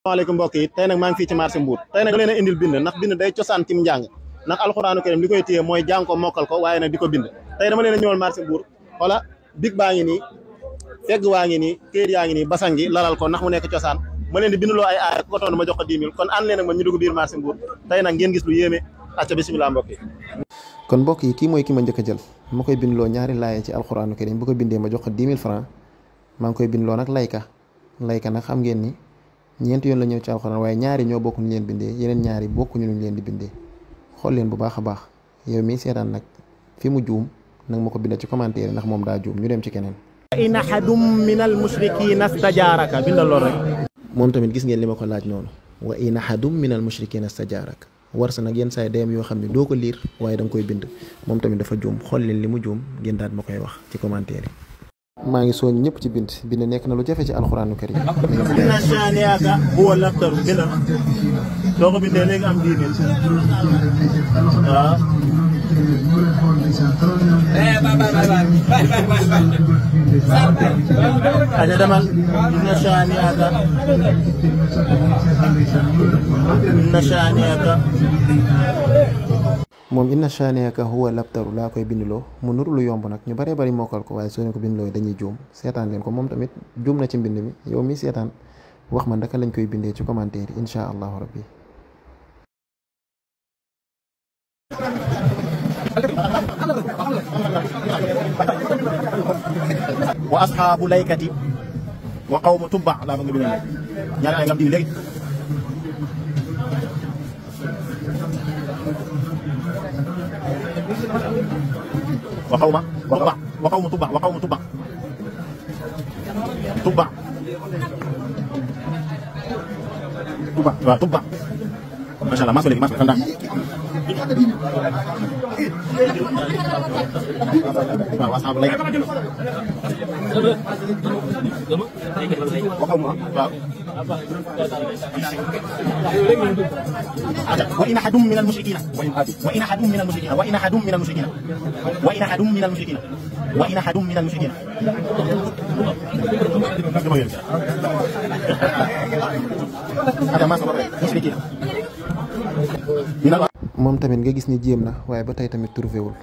maaleykum mbokk yi tey nag maa ngi fii ci marché Mbour tey nag leen a indil bind ndax bind day cosaan ci njàng ndax alxuraanu karim li koy téye mooy jàng ko mokkal ko waaye nag di ko bind tey dama leen a ñëwal marché Mbour wala big baa ngi nii fegg waa ngi nii kër yaa ngi nii basangi lalal ko ndax mu nekk cosaan ma leen di bindloo ay aaya ku ko toon ma jox ko dix mille kon ànd leen ak man ñu dugg biir marché Mbour tey nag ngeen gis lu yéeme acca bisimilah mbokk yi kon mbokk yi kii mooy ki ma njëkk a jël ma koy bindloo ñaari laaye ci alxuraanu karim bu ko bindee ma jox ko dix mille francs maa ngi koy bindloo nag layka layka nag xam ngeen ni ñent yoon la ñëw ci alxuraan waye ñaari ño bokku ñu leen bindé yeneen ñaari bokku ñu ñu leen di bindé xol leen bu baaxa baax yow mi sétan nak fi mu joom nak mako bindé ci commentaire nak mom da joom ñu dem ci keneen in ahadum min al mushrikeen stajaaraka bindal lool rek mom tamit gis ngeen li ko laaj noonu wa in ahadum min al mushrikeen stajaaraka war sa nak yeen say dem yo xamni ne doo ko liir waaye da koy bind mom tamit dafa joom xol leen limu joom ngeen daat makoy wax ci commentaire maa ngi soñ ñëpp ci bind bind nekk na lu jafe ci alxuraanu karim inna shaani'aka huwal abtar bind moom inna shaaniaka huwa labtaru laa koy bindloo mu nur lu yomb nag ñu baree bari mokkal ko waaye soo ñu ko bindloo dañuy juum seetaan leen ko moom tamit juum na ci mbind mi yow mi seetaan wax ma naka lañ koy bindee ci commentaire yi incha allahu rabbi wa Wakau mak, wakau mak, wakau mutuba, wakau mutuba, tuba, tuba, tuba. Masalah masuk lagi masuk kandang. وإن أحد من المشركين وإن أحد من المشركين وإن أحد من المشركين وإن أحد من المشركين وإن أحد من المشركين هذا ما صبر مشركين من moom tamit nga gis ni jéem na waaye ba tey tamit trouvé wul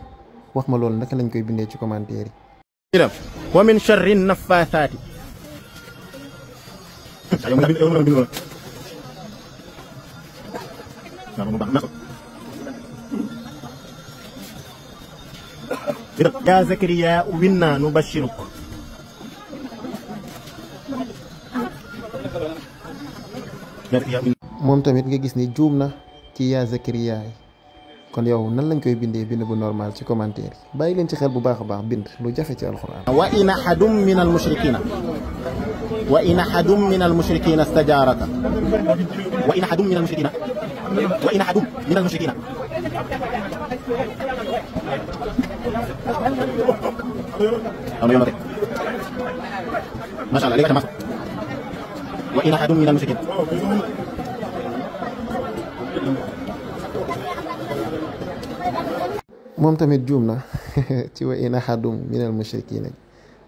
wax ma loolu naka lañ koy bindee ci commentaire yi. moom tamit nga gis ni juum na ci yaa Zakariya kon yow nan lañ koy bindé bind bu normal ci commentaire bay bàyyi leen ci xel bu baaxa baax bind lu jafe ci alquran wa in ahadum min al mushrikina wa in ahadum min al mushrikina istajaaraka wa in ahadum min al mushrikina wa in ahadum min al mushrikina am yoon ما شاء الله ليك تمام وإن أحد من المشركين mom tamit djumna ci wa in ahadum min al mushrikina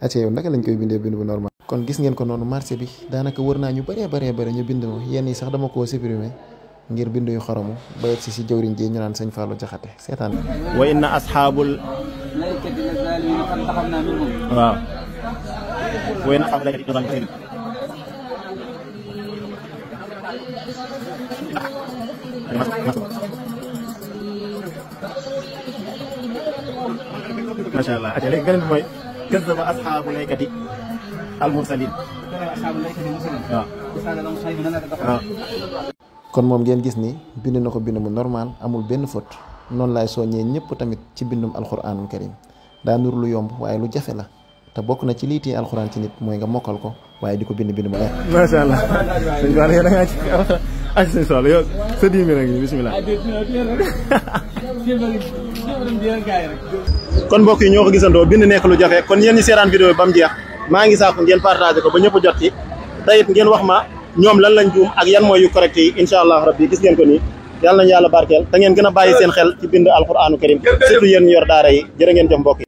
ace yow naka lañ koy bindé bindu bu normal kon gis ngeen ko nonu marché bi danaka wërna ñu bari bari bari ñu bindu yenn yi sax dama ko supprimer ngir bindu yu xaramu ba yegg ci jawriñ ji ñu naan señ fallu Jaxate setan wa in ashabul waaw Gracias. macha allah ate kon moom ngeen gis ni bind na ko bind mu normal amul benn faute noonu laay soññee ñëpp tamit ci bindum alxuraanul karim daa lu yomb waaye lu jafe la te bokk na ci lii téye alxuraan ci nit mooy nga mokkal ko waaye di ko bind bind mu leer. macha allah sëñ yow sa diimi rek bisimilah. kon mbokk yi ñoo ko gisandoo bind nekk lu jafe kon yéen ñi seeraan vidéo ba mu jeex maa ngi saako ngeen partagé ko ba ñëpp jot ci tayit ngeen wax ma ñoom lan lañ juum ak yan mooy yu correct yi incha allah rabbi gis ngeen ko nii yàlla nañu yàlla barkeel te ngeen gën a bàyyi seen xel ci bind alquraanu karim surtout yéen ñu yor daara yi jërë ngeen jëf mbokk